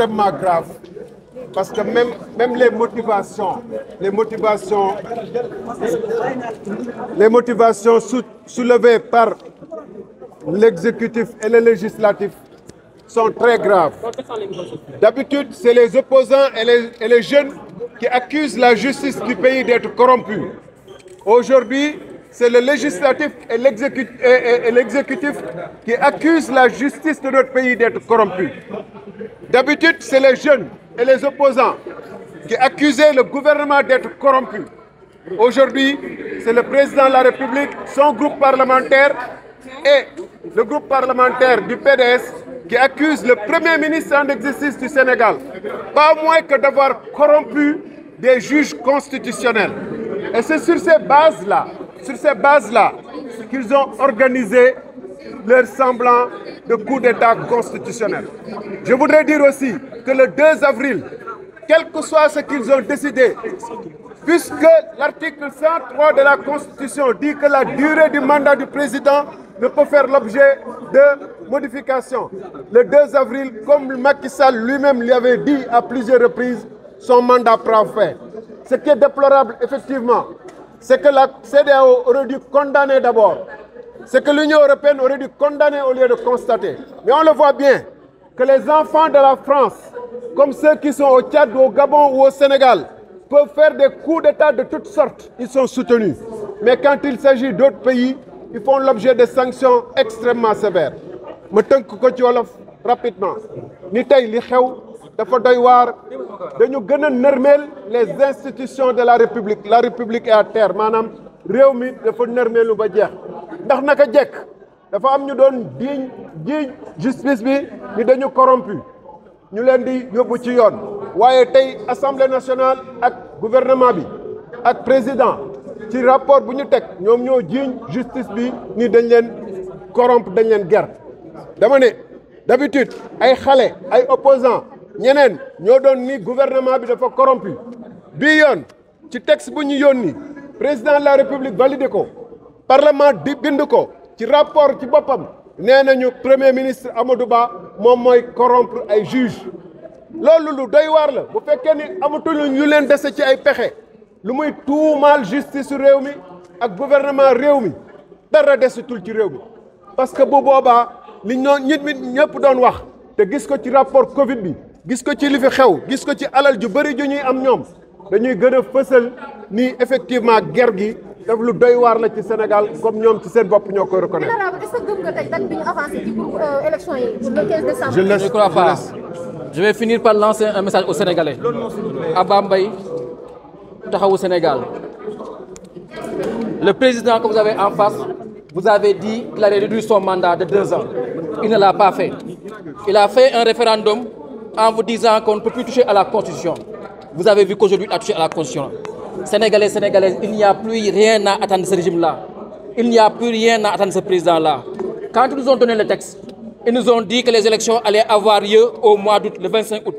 extrêmement grave parce que même, même les motivations, les motivations, les motivations soulevées par l'exécutif et le législatif sont très graves. D'habitude, c'est les opposants et les, et les jeunes qui accusent la justice du pays d'être corrompue. Aujourd'hui, c'est le législatif et l'exécutif qui accusent la justice de notre pays d'être corrompue. D'habitude, c'est les jeunes et les opposants qui accusaient le gouvernement d'être corrompu. Aujourd'hui, c'est le président de la République, son groupe parlementaire et le groupe parlementaire du PDS qui accusent le Premier ministre en exercice du Sénégal, pas moins que d'avoir corrompu des juges constitutionnels. Et c'est sur ces bases-là, sur ces bases-là, qu'ils ont organisé leur semblant de coup d'État constitutionnel. Je voudrais dire aussi que le 2 avril, quel que soit ce qu'ils ont décidé, puisque l'article 103 de la Constitution dit que la durée du mandat du président ne peut faire l'objet de modifications. Le 2 avril, comme Macky Sall lui-même lui avait dit à plusieurs reprises, son mandat prend fin. Ce qui est déplorable, effectivement, c'est que la CDAO aurait dû condamner d'abord c'est que l'Union européenne aurait dû condamner au lieu de constater. Mais on le voit bien, que les enfants de la France, comme ceux qui sont au Tchad, au Gabon ou au Sénégal, peuvent faire des coups d'État de toutes sortes. Ils sont soutenus. Mais quand il s'agit d'autres pays, ils font l'objet de sanctions extrêmement sévères. Je vais vous rapidement ni li les institutions de la république la république est à terre Madame ndax naka jekk dafa am ñu doon jiiñ justice bi ni dañu corrompu ñu leen di yóbbu ci yoon waaye tey assemblée nationale ak gouvernement bi ak président ci rapport bu ñu teg ñoom ñoo jiiñ justice bi ni dañ leen corrompre dañ leen ger dama ne d'habitude ay xale ay opposants ñeneen ñoo doon ni gouvernement bi dafa corrompu bii yoon ci texte bu ñu yónni président de la république validé ko parlement di bind ko ci rapport ci bopam nenañu premier ministre Amadou Ba mom moy corrompre ay juge loolu lu doy war la bu fekkee ni amatuñu ñu leen dese ci ay pexé lu muy mal justice rewmi ak gouvernement rewmi mi dara desutul ci rewmi parce que bu boba li ñit nit mi doon wax te gis ko ci rapport Covid bi gis ko ci li fi xew gis ko ci alal ju bëri ju ñuy am ñom dañuy gën a ni effectivement guerre gi daf lu doy waar la ci Sénégal comme ñom ci sen bop reconnaître. est-ce que vous nga tey date ci pour euh, élection yi le 15 décembre. je ne crois pas je vais finir par lancer un message aux Sénégalais. Abba Mbaye taxawu Sénégal. Le président que vous avez en face, vous avez dit qu'il allait réduire son mandat de deux ans. Il ne l'a pas fait. Il a fait un référendum en vous disant qu'on ne peut plus toucher à la Constitution. Vous avez vu qu'aujourd'hui, il a touché à la Constitution. Sénégalais, Sénégalais, il n'y a plus rien à attendre de ce régime-là. Il n'y a plus rien à attendre de ce président-là. Quand ils nous ont donné le texte, ils nous ont dit que les élections allaient avoir lieu au mois d'août, le 25 août.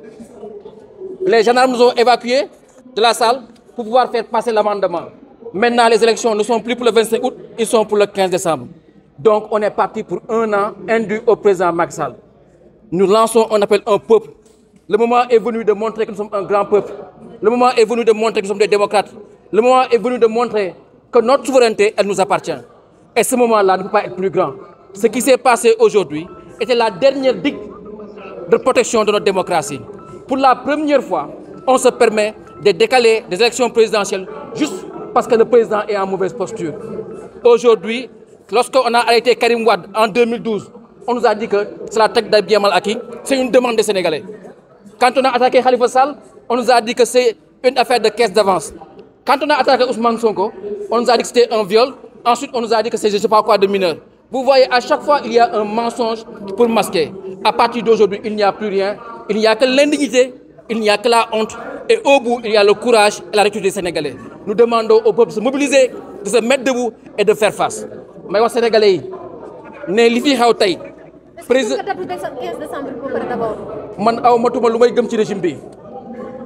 Les gendarmes nous ont évacués de la salle pour pouvoir faire passer l'amendement. Maintenant, les élections ne sont plus pour le 25 août, ils sont pour le 15 décembre. Donc, on est parti pour un an indu au président Macky Nous lançons, on appelle un peuple. Le moment est venu de montrer que nous sommes un grand peuple. Le moment est venu de montrer que nous sommes des démocrates. Le moment est venu de montrer que notre souveraineté, elle nous appartient. Et ce moment-là ne peut pas être plus grand. Ce qui s'est passé aujourd'hui était la dernière digue de protection de notre démocratie. Pour la première fois, on se permet de décaler des élections présidentielles juste parce que le président est en mauvaise posture. Aujourd'hui, lorsqu'on a arrêté Karim Wad en 2012, on nous a dit que c'est la tête d'Abiyamal Aki, c'est une demande des Sénégalais. Quand on a attaqué Khalifa Sall, on nous a dit que c'est une affaire de caisse d'avance. Quand on a attaqué Ousmane Sonko, on nous a dit que c'était un viol. Ensuite, on nous a dit que c'est je ne sais pas quoi de mineur. Vous voyez, à chaque fois, il y a un mensonge pour masquer. À partir d'aujourd'hui, il n'y a plus rien. Il n'y a que l'indignité, il n'y a que la honte. Et au bout, il y a le courage et la rétitude des Sénégalais. Nous demandons au peuple de se mobiliser, de se mettre debout et de faire face. Mais les Sénégalais, ne li fi président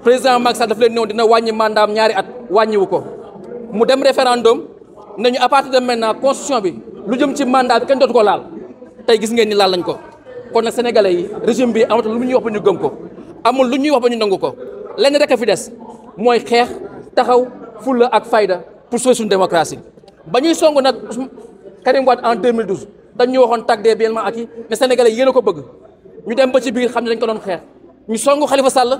président Macky Sall daf leen néew dina wàññi mandaam ñaari at wàññiwu ko mu dem référendum ñu à partir de maintenant constitution bi lu jëm ci mandat bi kenn dootu ko laal tey gis ngeen ni laal lañ ko kon nag sénégalais yi régime bi amatu lu ñuy wax ba ñu gëm ko amul lu ñuy wax ba ñu nangu ko lenn rek a fi des mooy xeex taxaw fulla ak fayda pour sauver suñu démocratie ba ñuy song nag Karim Wade en 2012 dañ ñu waxoon tag dee biellement ak yi mais yéen ko bëgg ñu dem ba ci biir xam ne dañ ko doon xeex ñu song Khalifa Sall